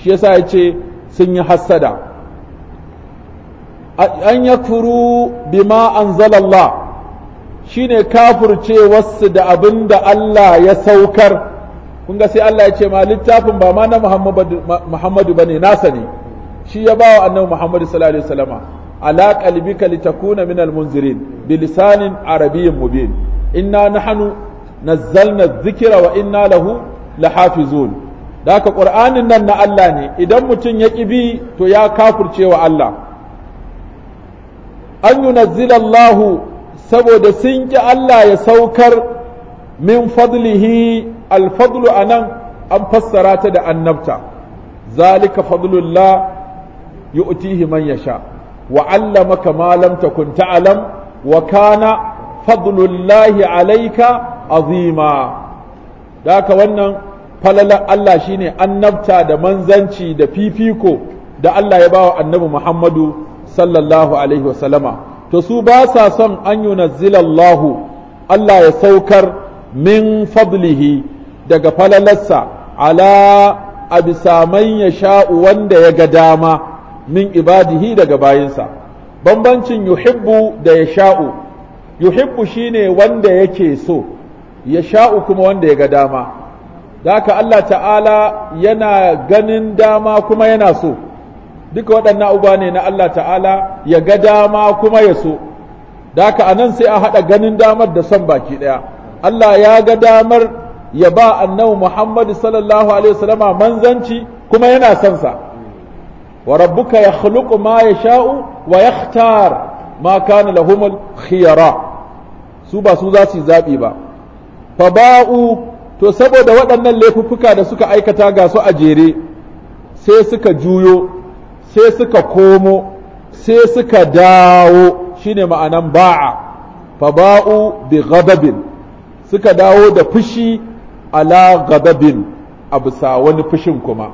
Speaker 1: shi yasa ya ce sun yi hassada an yakfuru bima anzalallah shine wasu da abin da Allah ya saukar kun ga sai Allah ya ce ma littafin ba ma na Muhammadu bane nasa ne shi ya bawa annabi Muhammadu sallallahu alaihi wasallama ala qalbika litakuna minal munzirin bilisanin arabiyyin mubin inna nahnu nazzalna dhikra wa inna lahu lahafizun da haka qur'anin nan na Allah ne idan mutum ya bi to ya kafurce wa Allah an yunazzila Allah saboda sun ki Allah ya saukar min fadlihi alfadlu a nan an fassara ta da annabta zalika fadlullah yu'tihi man yasha wa allamaka ma lam takun ta'lam wa kana fadlullahi alayka azima daka wannan falalar Allah shine annabta da manzanci da fifiko da Allah ya bawa annabi Muhammadu sallallahu alaihi wasallama to su ba sa son an yunazzilallahu Allah ya saukar min fadlihi daga falalarsa ala a ya sha'u wanda ya ga dama min ibadihi daga bayinsa bambancin yuhibbu da ya sha'u yuhibbu shine wanda yake so ya sha'u kuma wanda ya ga dama da Allah ta'ala yana ganin dama kuma yana so duka waɗannan uba ne na Allah ta'ala ya ga dama kuma ya so da haka anan sai a haɗa ganin damar da son baki ɗaya Allah ya ga damar ya ba annabi Muhammad sallallahu alaihi wasallama manzanci kuma yana son sa wa rabbuka yakhluqu ma yasha'u wa yakhtar ma kana lahumul khiyara su ba su za su zabi ba fa ba'u to saboda waɗannan laifuffuka da suka aikata ga su a jere sai suka juyo sai suka komo sai suka dawo shine ma'anan ba'a fa ba'u bi ghadabin suka dawo da fushi ala gababin a bisa wani fushin kuma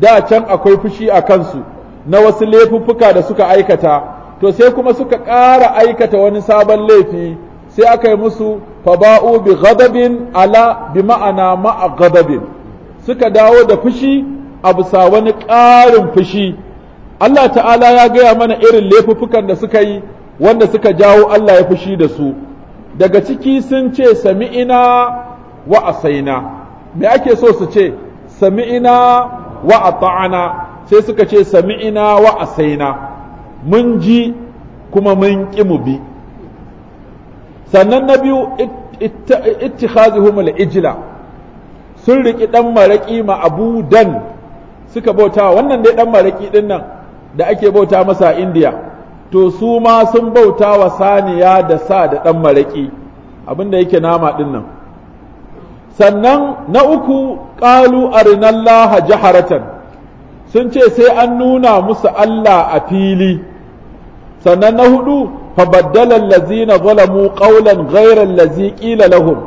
Speaker 1: da can akwai fushi a kansu na wasu laifuffuka da suka aikata to sai kuma suka ƙara aikata wani sabon laifi sai aka yi musu faba'u bi gababin ala bi ma'ana ma'a gababin suka dawo da fushi a bisa wani ƙarin fushi Allah ta'ala ya gaya mana irin laifuffukan da suka yi wanda suka jawo Allah ya fushi da su daga ciki sun ce sami'ina wa asaina me ake so su ce sami'ina wa ata'ana sai suka ce sami'ina wa asaina mun ji kuma mun ƙi mu bi sannan na biyu ittikhazihum al-ijla sun riƙi ɗan maraƙi ma abu dan suka bauta wannan dai ɗan maraki din nan da ake bauta masa a indiya to su ma sun bauta wa saniya da sa da dan maraki abinda yake nama ɗinnan. sannan na uku ƙalu arinallaha jaharatan sun ce sai an nuna musu Allah a fili sannan na hudu fabaddalan allazina zalamu qawlan ghayra allazi qila lahum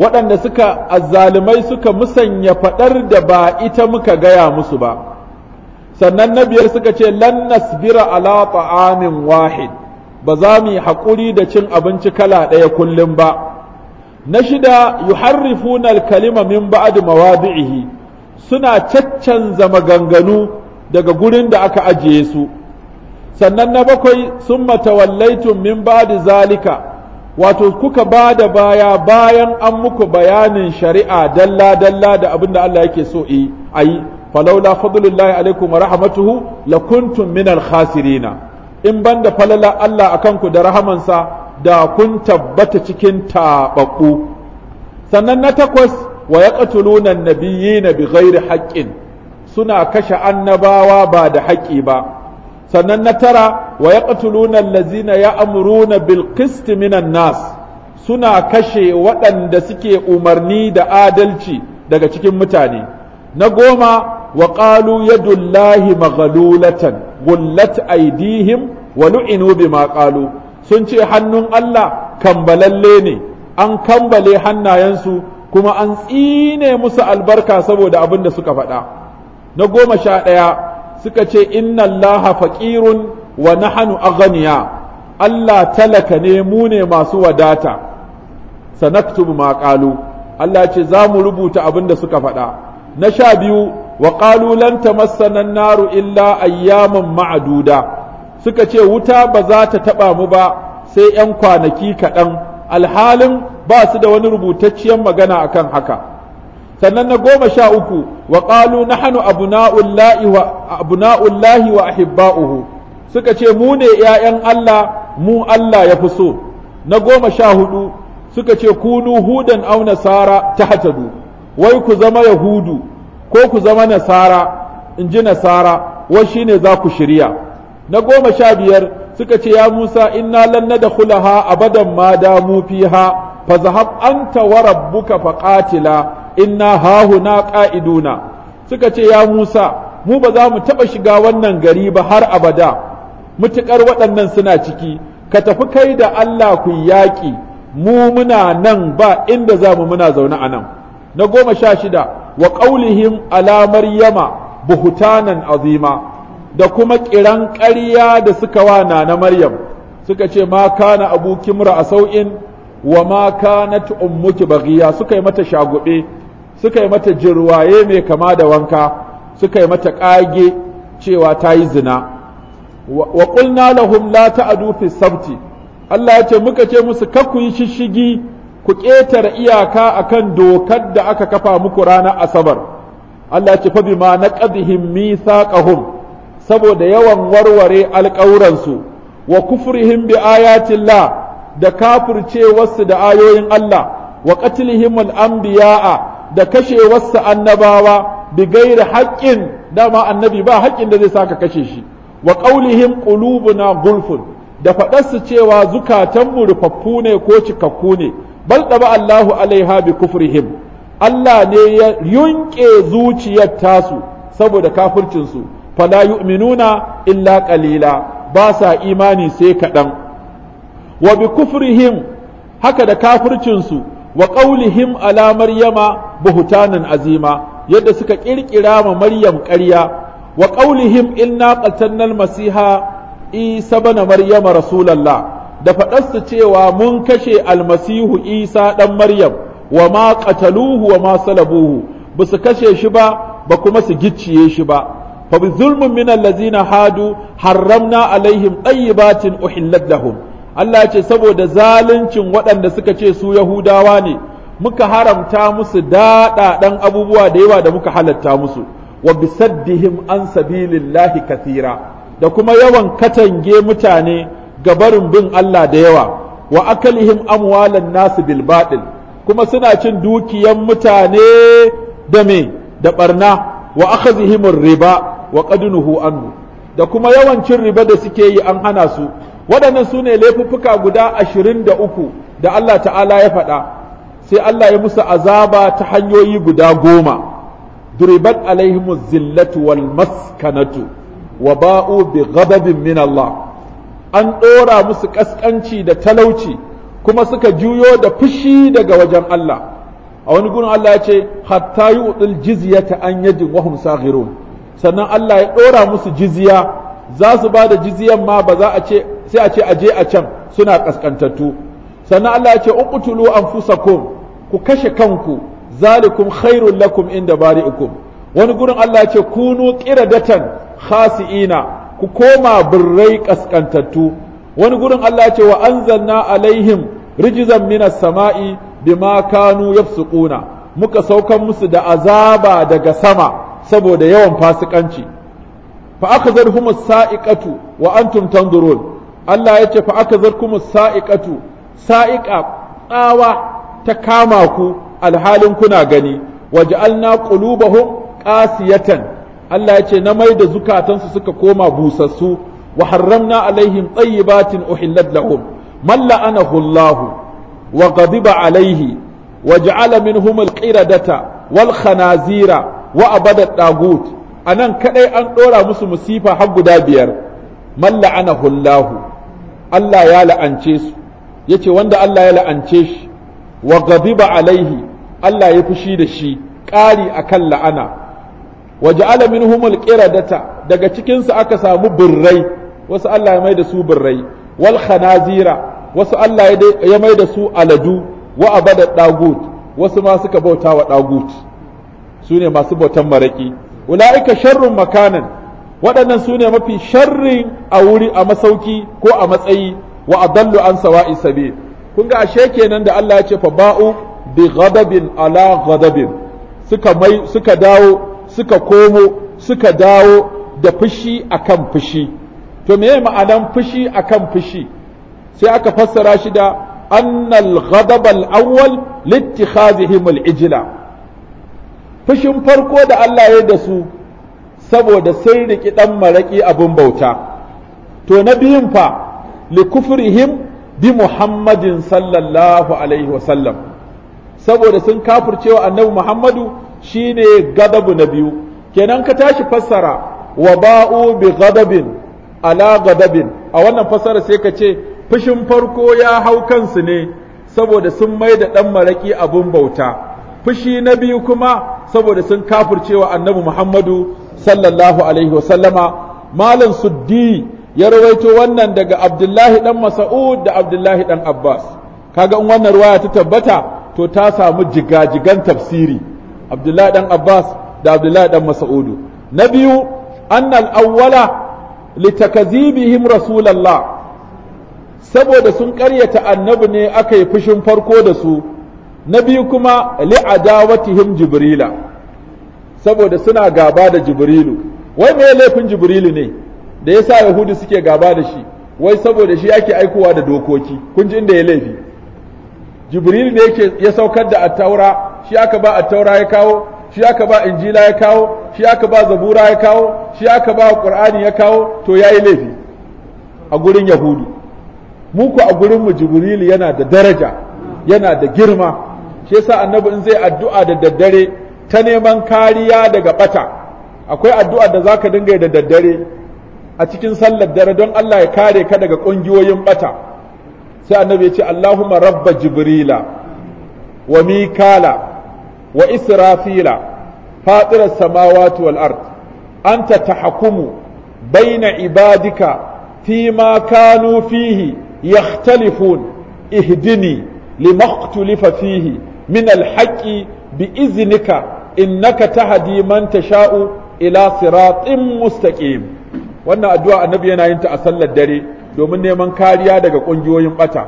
Speaker 1: waɗanda suka azzalimai suka musanya faɗar da ba ita muka gaya musu ba sannan na biyar suka ce lan nasbira ala ta'amin wahid ba za mu yi haƙuri da cin abinci kala ɗaya kullum ba na shida yuharrifuna al-kalima min ba'd mawadi'ihi suna caccanza maganganu daga gurin da aka ajiye su sannan na bakwai sun matawallaitum min ba'di zalika wato kuka ba da baya bayan an muku bayanin shari'a dalla dalla da abin da Allah yake so yi ayi falaula fadlullahi alaikum wa rahmatuhu lakuntum min al-khasirina in banda falala Allah akan ku da rahamansa da kun tabbata cikin taɓaɓɓu sannan na takwas wa ya ƙatuluna nabiyina bi ghairi haƙƙin suna kashe annabawa ba da haƙƙi ba sannan na tara wa ya ƙatuluna allazina ya amuruna bil minan nas suna kashe waɗanda suke umarni da adalci daga cikin mutane na goma wa ƙalu yadullahi maghalulatan gullat aidihim wa lu'inu bima qalu sun ce hannun Allah kambalalle ne an kambale hannayensu kuma an tsine musu albarka saboda abin da suka faɗa na goma sha ɗaya suka ce inna allaha faƙirun wa nahanu aghniya Allah talaka ne mu ne masu wadata sanaktubu ma ƙalu. Allah ce za mu rubuta abin da suka faɗa na sha biyu wa ƙalulanta lan tamassana naru illa ayyaman ma'aduda. suka ce wuta ba za ta taɓa mu ba sai 'yan kwanaki kaɗan alhalin ba su da wani rubutacciyar magana a kan haka sannan na goma sha uku wa ƙalu nahanu abuna'ullahi wa ahibba'uhu suka ce mu ne 'ya'yan Allah mu Allah ya fi so na goma sha hudu suka ce kunu hudan au nasara ta hatadu wai ku zama yahudu ko ku zama nasara in ji nasara wai shi ne za ku shirya na goma sha biyar suka ce ya Musa in na inna lan nadkhulaha abadan ma damu fiha fazhab anta wa in na inna na ƙa'iduna. suka ce ya Musa mu ba za mu taɓa shiga wannan gari ba har abada mutukar waɗannan suna ciki ka tafi kai da Allah ku yaƙi mu muna nan ba inda za mu muna zaune a nan na goma sha shida wa ƙaulihin alamar yama buhutanan azima da kuma kiran ƙarya da suka wa na Maryam suka ce ma kana abu kimra a sau'in wa ma kanat ummuki baghiya suka yi mata shagube suka yi mata jirwaye mai kama da wanka suka yi mata ƙage cewa ta yi zina wa qulna lahum la ta'du fi sabti Allah ya ce muka ce musu ka ku yi shishigi ku ƙetare iyaka akan dokar da aka kafa muku ranar asabar Allah ya ce fa bima naqadhim mithaqahum saboda yawan warware alƙauransu wa kufrihim bi ayatillah da wasu da ayoyin Allah wa qatlihim al-anbiya'a da kashewarsu annabawa bi gairi haƙƙin dama annabi ba haƙƙin da zai saka kashe shi wa qaulihim qulubuna gulfun da faɗarsu cewa zukatanmu rufaffu ne ko cikakku ne bal ba Allahu alaiha bi kufrihim Allah ne ya yunƙe zuciyar tasu saboda kafircinsu fala yu'minuna illa ƙalila ba sa imani sai kaɗan wa bi kufrihim haka da kafurcinsu, wa qaulihim alamar yama buhutanan azima yadda suka ƙirƙira ma maryam ƙarya wa qaulihim inna qatalnal masiha isa bana maryama rasulallah, da faɗar su cewa mun kashe almasihu isa ɗan maryam wa ma qataluhu wa ma salabuhu ba su kashe shi ba ba kuma su gicciye shi ba fa bi zulmin min allazina hadu harramna alaihim tayyibatin uhillat lahum Allah ya ce saboda zaluncin waɗanda suka ce su Yahudawa ne muka haramta musu daɗaɗan abubuwa da yawa da muka halatta musu wa bisaddihim an sabilillahi kathira da kuma yawan katange mutane ga barin bin Allah da yawa wa akalihim amwalan nasu bil batil kuma suna cin dukiyan mutane da me da barna wa akhazihim riba wa qadnuhu anhu da kuma yawan cin riba da suke yi an hana su waɗannan su ne laifuffuka guda ashirin da uku da Allah ta'ala ya faɗa sai Allah ya musu azaba ta hanyoyi guda goma duribat alaihimu zillatu wal maskanatu wa ba'u bi ghadabin min Allah an ɗora musu ƙasƙanci da talauci kuma suka juyo da fushi daga wajen Allah a wani gurin Allah ya ce hatta yu'dil jizyata an yajin wa hum saghirun sannan Allah ya ɗora musu jiziya za su ba da jiziyan ma ba za a ce sai a ce a je a can suna ƙasƙantattu. sannan Allah ya ce uqtulu anfusakum ku kashe kanku zalikum khairul lakum inda bari'ukum wani gurin Allah ya ce kunu qiradatan khasi'ina ku koma birrai ƙasƙantattu. wani gurin Allah ya ce wa anzalna alaihim rijzan minas sama'i bima kanu yafsuquna muka saukan musu da azaba daga sama saboda yawan fasikanci fa akhadhahum as-sa'iqatu wa antum tanzurun Allah yace fa akhadhahum as-sa'iqatu sa'iqa tsawa ta kama ku alhalin kuna gani waj'alna qulubahum ƙasiyatan Allah yace na mai da zukatansu suka koma busassu wa harramna alaihim tayyibatin uhillat lahum man la'anahu hullahu, wa ghadiba alaihi waj'ala minhum al-qiradata wal khanazira wa abada dagut anan kadai an ɗora musu musifa har guda biyar man la'anahu Allah Allah ya la'ance su yace wanda Allah ya la'ance shi wa ghadiba alaihi Allah ya fushi da shi ƙari kan la'ana Waje alamin humul ƙera data. daga cikin aka samu burrai wasu Allah ya mai da su burrai wal khanazira wasu Allah ya mai da su aladu wa abada wasu ma suka bauta wa dagut sune masu bautan maraƙi ula'ika sharrun makanan waɗannan sune mafi sharrin a wuri a masauki ko a matsayi wa adallu an sawa'i isabe, kun ga ashe kenan da Allah ya ce fa ba'u bi ghadabin ala ghadabin suka mai suka dawo suka komo suka dawo da fushi akan fushi to me ma'anan fushi akan fushi sai aka fassara shi da annal ghadab al awwal littikhazihim al ijla fushin farko da Allah ya da su saboda sun riki ɗan maraƙi abin bauta to na biyun fa kufrihim bi muhammadin sallallahu alaihi wasallam saboda sun kafircewa annabi muhammadu shine gadabu na biyu kenan ka tashi fassara wa ba'u bi gadabin ala gadabin a wannan fassara sai ka ce fushin farko ya hau kansu ne saboda sun mai da ɗan maraƙi abin bauta fushi na biyu kuma saboda sun kafircewa annabi Muhammadu sallallahu alaihi wasallama malam suddi ya rawaito wannan daga abdullahi dan mas'ud da abdullahi dan abbas kaga in wannan ruwaya ta tabbata to ta samu jigajigan tafsiri abdullahi dan abbas da abdullahi dan mas'udu na biyu annal awwala litakazibihim rasulallah saboda sun karyata annabi ne aka yi fushin farko da su na biyu kuma li'adawatihim jibrila saboda suna gaba da jibrilu wai me laifin jibrilu ne da yasa yahudu suke gaba da shi wai saboda shi ake aikowa da dokoki kun ji inda ya laifi jibrilu ne yake ya saukar da attaura shi aka ba attaura ya kawo shi aka ba injila ya kawo shi aka ba zabura ya kawo shi aka ba qur'ani ya kawo to yayi laifi a gurin yahudu muku a gurin mu jibrilu yana da daraja yana da girma shi yasa annabi in zai addu'a da daddare ta neman kariya daga bata akwai addu'a da zaka dinga yi da daddare a cikin sallar dare don Allah ya kare ka daga ƙungiyoyin bata sai annabi ya ce Allahumma rabba jibrila wa mikala wa israfila fatirar samawati wal ard anta tahakumu baina ibadika fi ma kanu fihi yahtalifun ihdini li fihi min alhaqi bi iznika innaka tahdi man sha'u ila siratin mustaqim wannan addu'a annabi yana yin ta a sallar dare domin neman kariya daga ƙungiyoyin bata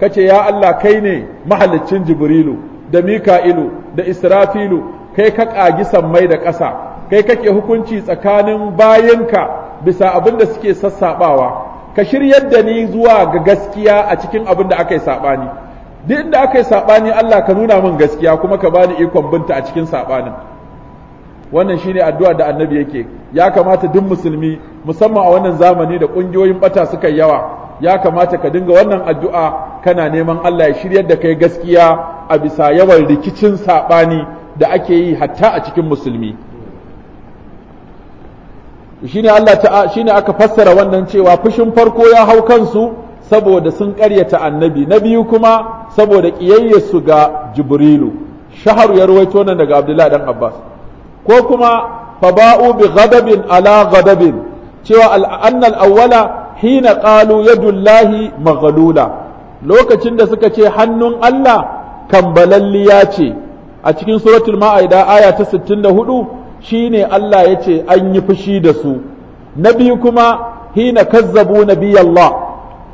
Speaker 1: kace ya Allah kai ne mahaliccin jibrilu da mika'ilu da israfilu kai ka kagi sammai da ƙasa kai kake hukunci tsakanin bayinka bisa abin da suke sassabawa ka shiryar da ni zuwa ga gaskiya a cikin abin da aka yi saɓani duk inda aka yi saɓani Allah ka nuna min gaskiya kuma ka bani ikon binta a cikin saɓanin wannan shine addu'a da annabi yake ya kamata duk musulmi musamman a wannan zamani da ƙungiyoyin bata suka yawa ya kamata ka dinga wannan addu'a kana neman Allah ya shirya da kai gaskiya a bisa yawan rikicin saɓani da ake yi hatta a cikin musulmi shine Allah ta shine aka fassara wannan cewa fushin farko ya hau kansu saboda sun ƙaryata annabi na biyu kuma saboda ƙiyayyarsu ga jibrilu shaharu ya ruwaito nan daga abdullahi dan abbas ko kuma faba'u bi ghadabin ala ghadabin cewa anna al hina qalu yadullahi maghlula lokacin da suka ce hannun Allah kambalalliya ce a cikin suratul ma'ida aya ta 64 shine Allah yace an yi fushi da su na biyu kuma hina kazzabu nabiyallah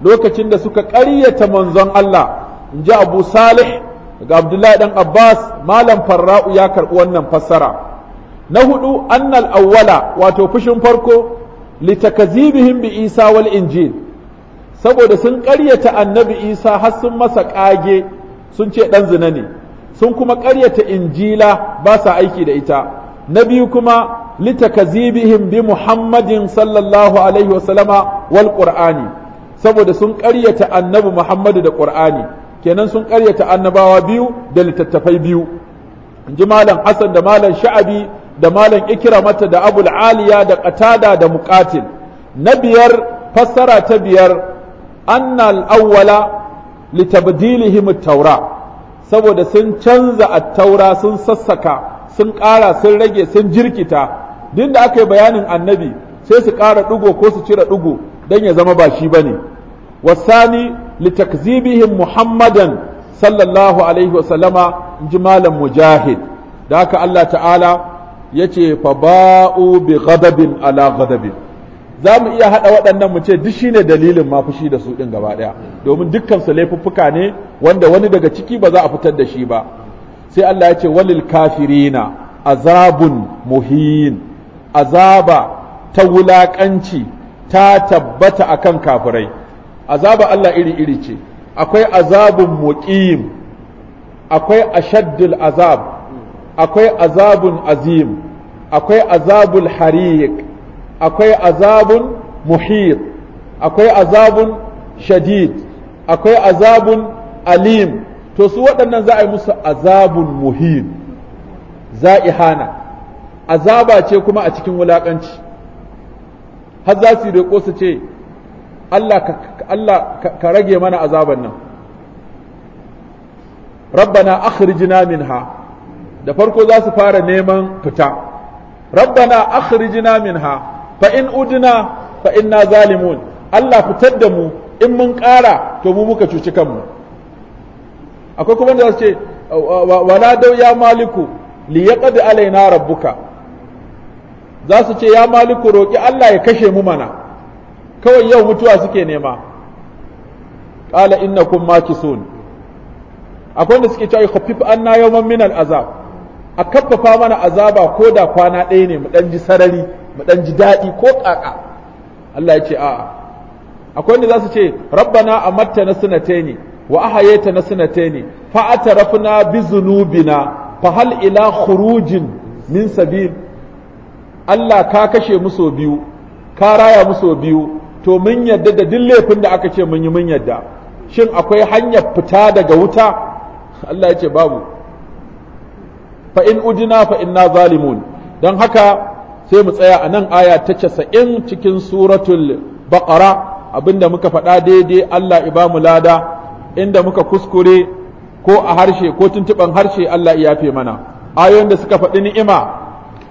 Speaker 1: lokacin da suka ƙaryata manzon Allah in ji Abu Salih daga Abdullahi dan Abbas malam Farra'u ya karɓi wannan fassara na hudu annal awwala wato fushin farko litakazibihim bi Isa wal Injil saboda sun ƙaryata annabi Isa har sun masa ƙage sun ce ɗan zina ne sun kuma ƙaryata Injila ba sa aiki da ita na biyu kuma litakazibihim bi Muhammadin sallallahu alaihi wasallama wal ƙur'ani. saboda sun ƙaryata annabi Muhammadu da ƙur'ani, kenan sun ƙaryata annabawa biyu da littattafai biyu in ji malam Hassan da malam Sha'abi da malam Ikramata da Abul Aliya da Qatada da Muqatil na biyar fassara ta biyar annal awwala litabdilihim at-taura saboda sun canza at-taura sun sassaka sun ƙara sun rage sun jirkita duk da aka yi bayanin annabi sai su ƙara ɗugo ko su cire ɗugo, dan ya zama ba shi ba ne والثاني لتكذيبهم محمدا صلى الله عليه وسلم جمال مجاهد ذاك الله تعالى yace fa ba'u bi ghadabin ala za mu iya haɗa waɗannan mu ce duk shine dalilin ma fushi da su ɗin gaba ɗaya domin dukkan laifuffuka ne wanda wani daga ciki ba za a fitar da shi ba sai Allah ya ce walil kafirina azabun muhin azaba ta wulaƙanci ta tabbata akan kafirai azaba Allah iri-iri ce akwai azabun muqim akwai ashaddul azab akwai azabun azim akwai azabul hariq akwai azabun muhit akwai azabun shadid akwai azabun alim to su waɗannan za a yi musu azabun a za'ihana azaba ce kuma a cikin wulaƙanci har za su su ce Allah ka rage mana azaban nan rabbana akhrijna minha da farko za su fara neman fita rabbana akhrijna minha fa in udna fa inna zalimun Allah fitar da mu in mun ƙara to mu muka cuci kanmu akwai kuma da su ce wala dau ya maliku li yaqdi alaina rabbuka za su ce ya maliku roki Allah ya kashe mu mana kawai yau mutuwa suke nema Ƙala qala innakum makisun akwai wanda suke cewa khaffif anna yawman min azab a kaffafa mana azaba ko da kwana ɗaya ne mu dan ji sarari mu dan ji daɗi ko ƙaƙa Allah ya ce a'a akwai wanda za su ce rabbana amatta na sunataini wa ahayata na sunataini fa atarafna bi zunubina fa hal ila khurujin min sabil Allah ka kashe mu biyu ka raya mu biyu to mun yadda da duk laifin da aka ce mun yi mun yadda shin akwai hanyar fita daga wuta Allah ya ce babu fa in udina fa inna zalimun don haka sai mu tsaya a nan aya ta casa'in cikin suratul baqara abinda muka faɗa daidai Allah iba mu lada inda muka kuskure ko a harshe ko tuntuɓan harshe Allah ya yafe mana ayoyin da suka faɗi ni'ima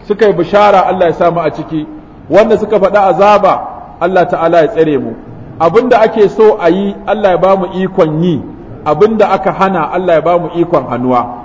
Speaker 1: suka yi bishara Allah ya samu a ciki wanda suka faɗi azaba Allah ta'ala ya tsare mu Abin da ake so a yi Allah ya ba mu ikon yi Abin da aka hana Allah ya ba mu ikon hannuwa